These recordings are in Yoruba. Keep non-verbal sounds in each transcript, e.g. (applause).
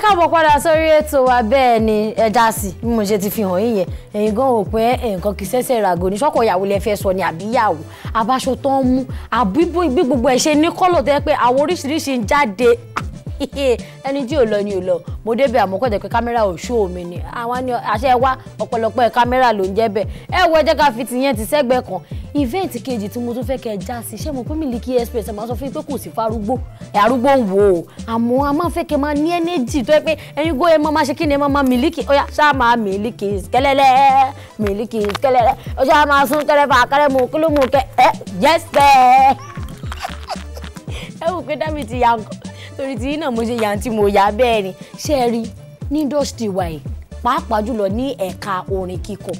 káàbọ̀ padà sórí ètò wa bẹ́ẹ̀ ni ẹja sí bí mo ṣe ti fi hàn yín yẹn ẹ̀yin gan ò pé nǹkan kì í ṣẹ̀ṣẹ̀ ràgò ní sọ́kọ̀ ìyàwó lẹ fẹ́ sọ ni àbíyàwó abáṣọ tó ń mú àbíbó gbogbo ẹ̀ ṣe ní kọ́lọ̀ tó yẹ pé àwọn oríṣiríṣi ń jáde (laughs) ẹni tí ò lọ ni ò lọ mo débẹ̀ àmọ́ kọ́tẹ̀ pé kámẹ́rà ò ṣó mi ni àwọn àṣẹ wa ọ̀pọ̀lọpọ̀ kámẹ́rà ló ń jẹ́ bẹ́ẹ̀ ẹ wo ẹ jẹ́ ká fi tìyẹn ti sẹ́gbẹ̀ẹ́ kan event kejì tí mo tún fẹ́ kẹ́ ẹ já sí ṣé mo pé Miliki Express ẹ máa sọ fún mi pé kò sí farúgbó ẹ arúgbó ń wò ó àmọ́ a máa fẹ́ kẹ́ ẹ máa ní ẹnẹ́jì tó yẹ pé ẹyin gbó ẹ máa máa ṣe kí ni ẹ máa máa Miliki ọ̀yà ṣá máa Miliki kẹlẹ́lẹ́ Miliki kẹlẹ́lẹ́ ọ̀ṣà máa sún kẹrẹ́fà kẹrẹ́mu kílómù kẹ ẹ yẹsẹ̀ ẹ wò pé dámì ti yà ńkọ torí ti iná mo ṣe yà tí mo yà bẹ́ẹ̀ ni ṣé ẹ rí ní industry wa yìí pàápàá jùlọ ní ẹ̀ka orin kíkọ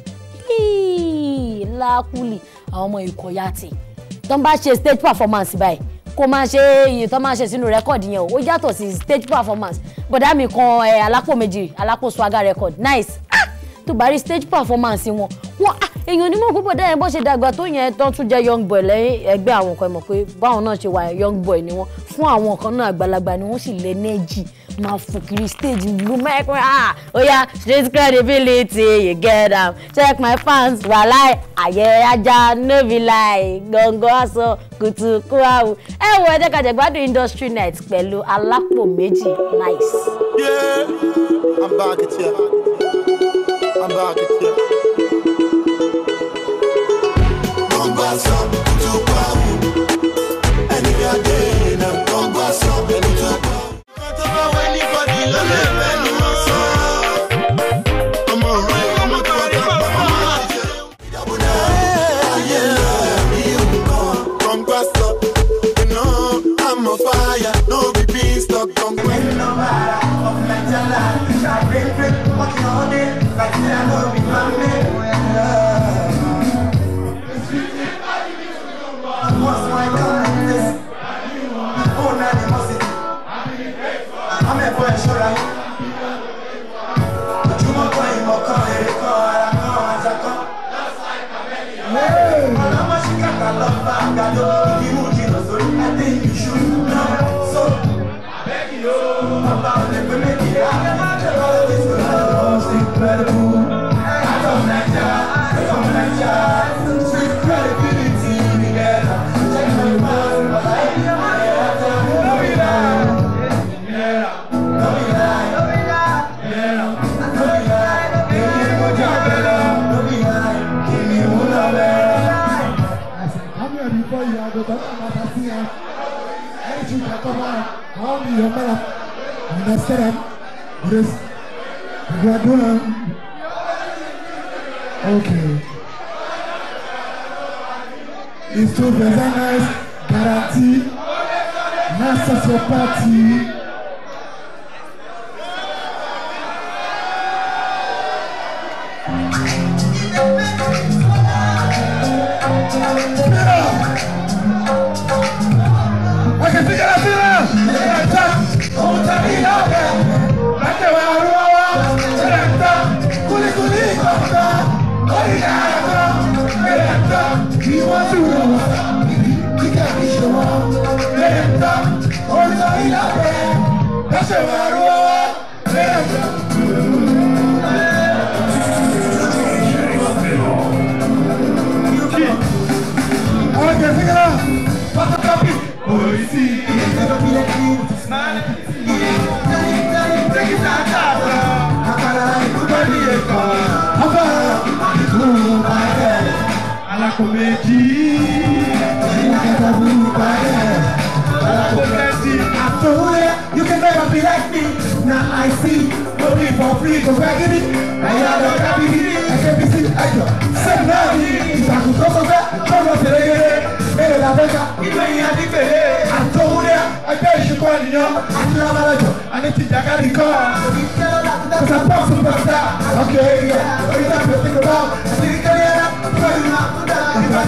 lákùlì àwọn ọmọ ìkọ̀yàtì tó ń bá ṣe stage performance báyìí kó máa ṣe iye tó máa ṣe sínú rẹ́kọ̀dì yẹn o ó yàtọ̀ sí stage performance bọ̀dá mi kan alápò méjì alápò swaga record nice ah! tó bá rí stage performance wọn wọn á ah! èèyàn onímọ̀ púpọ̀ dẹ́yìn bó ṣe dàgbà tó yẹn tán tún jẹ́ young boy lẹ́yìn ẹgbẹ́ àwọn kan mọ̀ pé báwọn náà ṣe wà young boy ni wọ́n fún àwọn kan náà àgbàlagbà ni wọ́n sì lé nẹ́ẹ̀jì máa fò kiri stage lu mẹ́ẹ̀kún ah oya street credibility you get am check my fans wàláì àyè ajá nóbi láì gbọ̀ngàn aṣọ kùtùkù àwù ẹ wo ẹ jẹ́ ká jẹ gbádùn industry night pẹ̀lú alápò méjì nice. Yeah, I'm back at you. I'm back at you. awesome. Hadi yamala. Okay. It's to present us guarantee. Masters your party. Peter! I can figure out United. comédie. You can never be like me. Now I see. No need for free. Go back in it. I am a happy beginning. I can't be seen. I can. Send now. If I could talk about it, come on, say it. Mẹ́rẹ̀ la bẹ́ ká ibẹ̀ yẹn a ní gbèlè. Àtọ̀wúrẹ́ ẹgbẹ́ ìṣúkọ ènìyàn àti lábàlájọ àti tìjàkadì kọ́. Kòsà pọ́ọ̀sì pọ̀sà. Ọkẹ́ ẹ̀yẹ orí náà fi ti gbọ́. Àti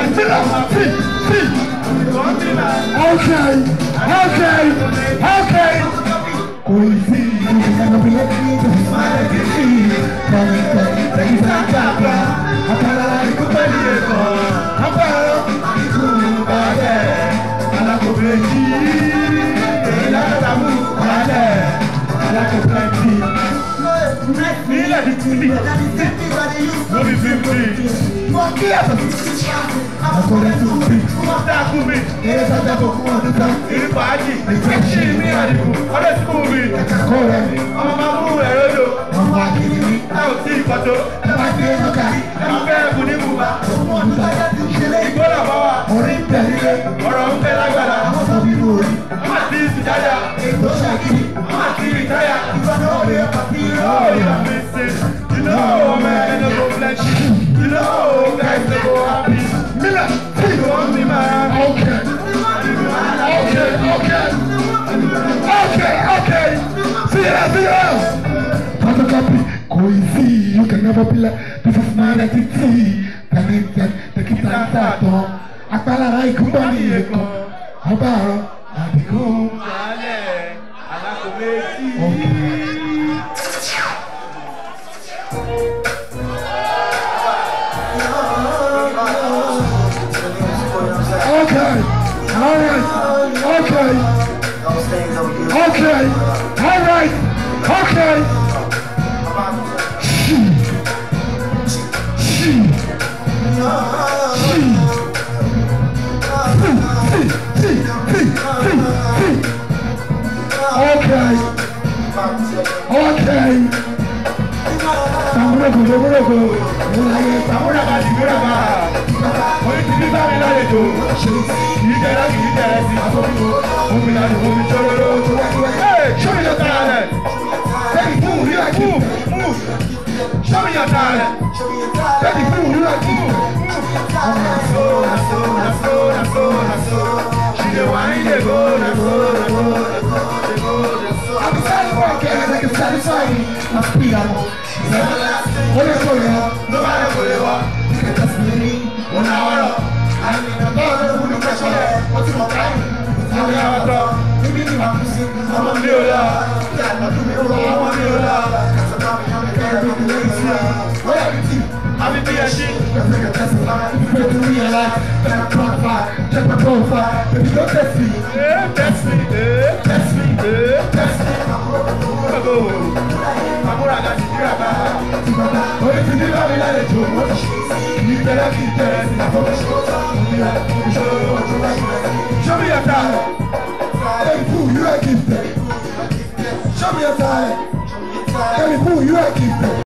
Okay, okay, okay. Kò ì sí ìlú ìdánilẹ́ tó fi máa ń kí sí ìtọ́nìtọ́ lẹ́yìn sáńtà àgbà. Àkàrà ikú pẹ̀lú ẹ̀kọ́. Àpárọ̀ ikú balẹ̀. Alákòbẹ̀ jí kíyàtọ̀ sí títí. Akọ̀rẹ́ tó bí. Kúmọ̀ tá a kún mi. Eré sájà kò kúmọ̀ níta. Ìrìbàájì. Ìtẹ̀sí mi àdìgún. Ọdẹ tí kò mi. Ẹ̀ka kọ́ rẹ̀. Ọmọ máa mú rẹ̀. nothing else. Pastor Capri, Koizi, you can never be like this is my identity. The name that the kids are that on. Agbára ikú bá ní iye kan, ọba àrọ̀ àdìgún. Sàmúlà bá ti múlà bá. Mo ti ní bá mi lálejò. Kì í jẹ láti kì í jẹ ẹsìn. Mo mi lálẹ́ mo mi jọ́rọ́ lọ́wọ́. Show me your talent. Baby, move, you like move, move. Show me your talent. Baby, move, relax, move. Na so, na so, na so, na so, na so. She dey whine, dey go, na so, na so. I want to love Cause I'm coming on the girl, I'm coming on the love to you? I've been being shit That nigga testifying Make me realize that I'm Check my profile If you don't test me test me, Test me, Test me Amor a la tijera ba Oye ti nígbà mi lálẹ́ jò wọ́n ti Ní tẹ́lẹ̀ í tẹ́lẹ̀ sí àfọwọ́sowọ́sọ Ìyá ìṣòro ọjọ́ láti Show me your talent Hey, fool, you are gifted Show me your you.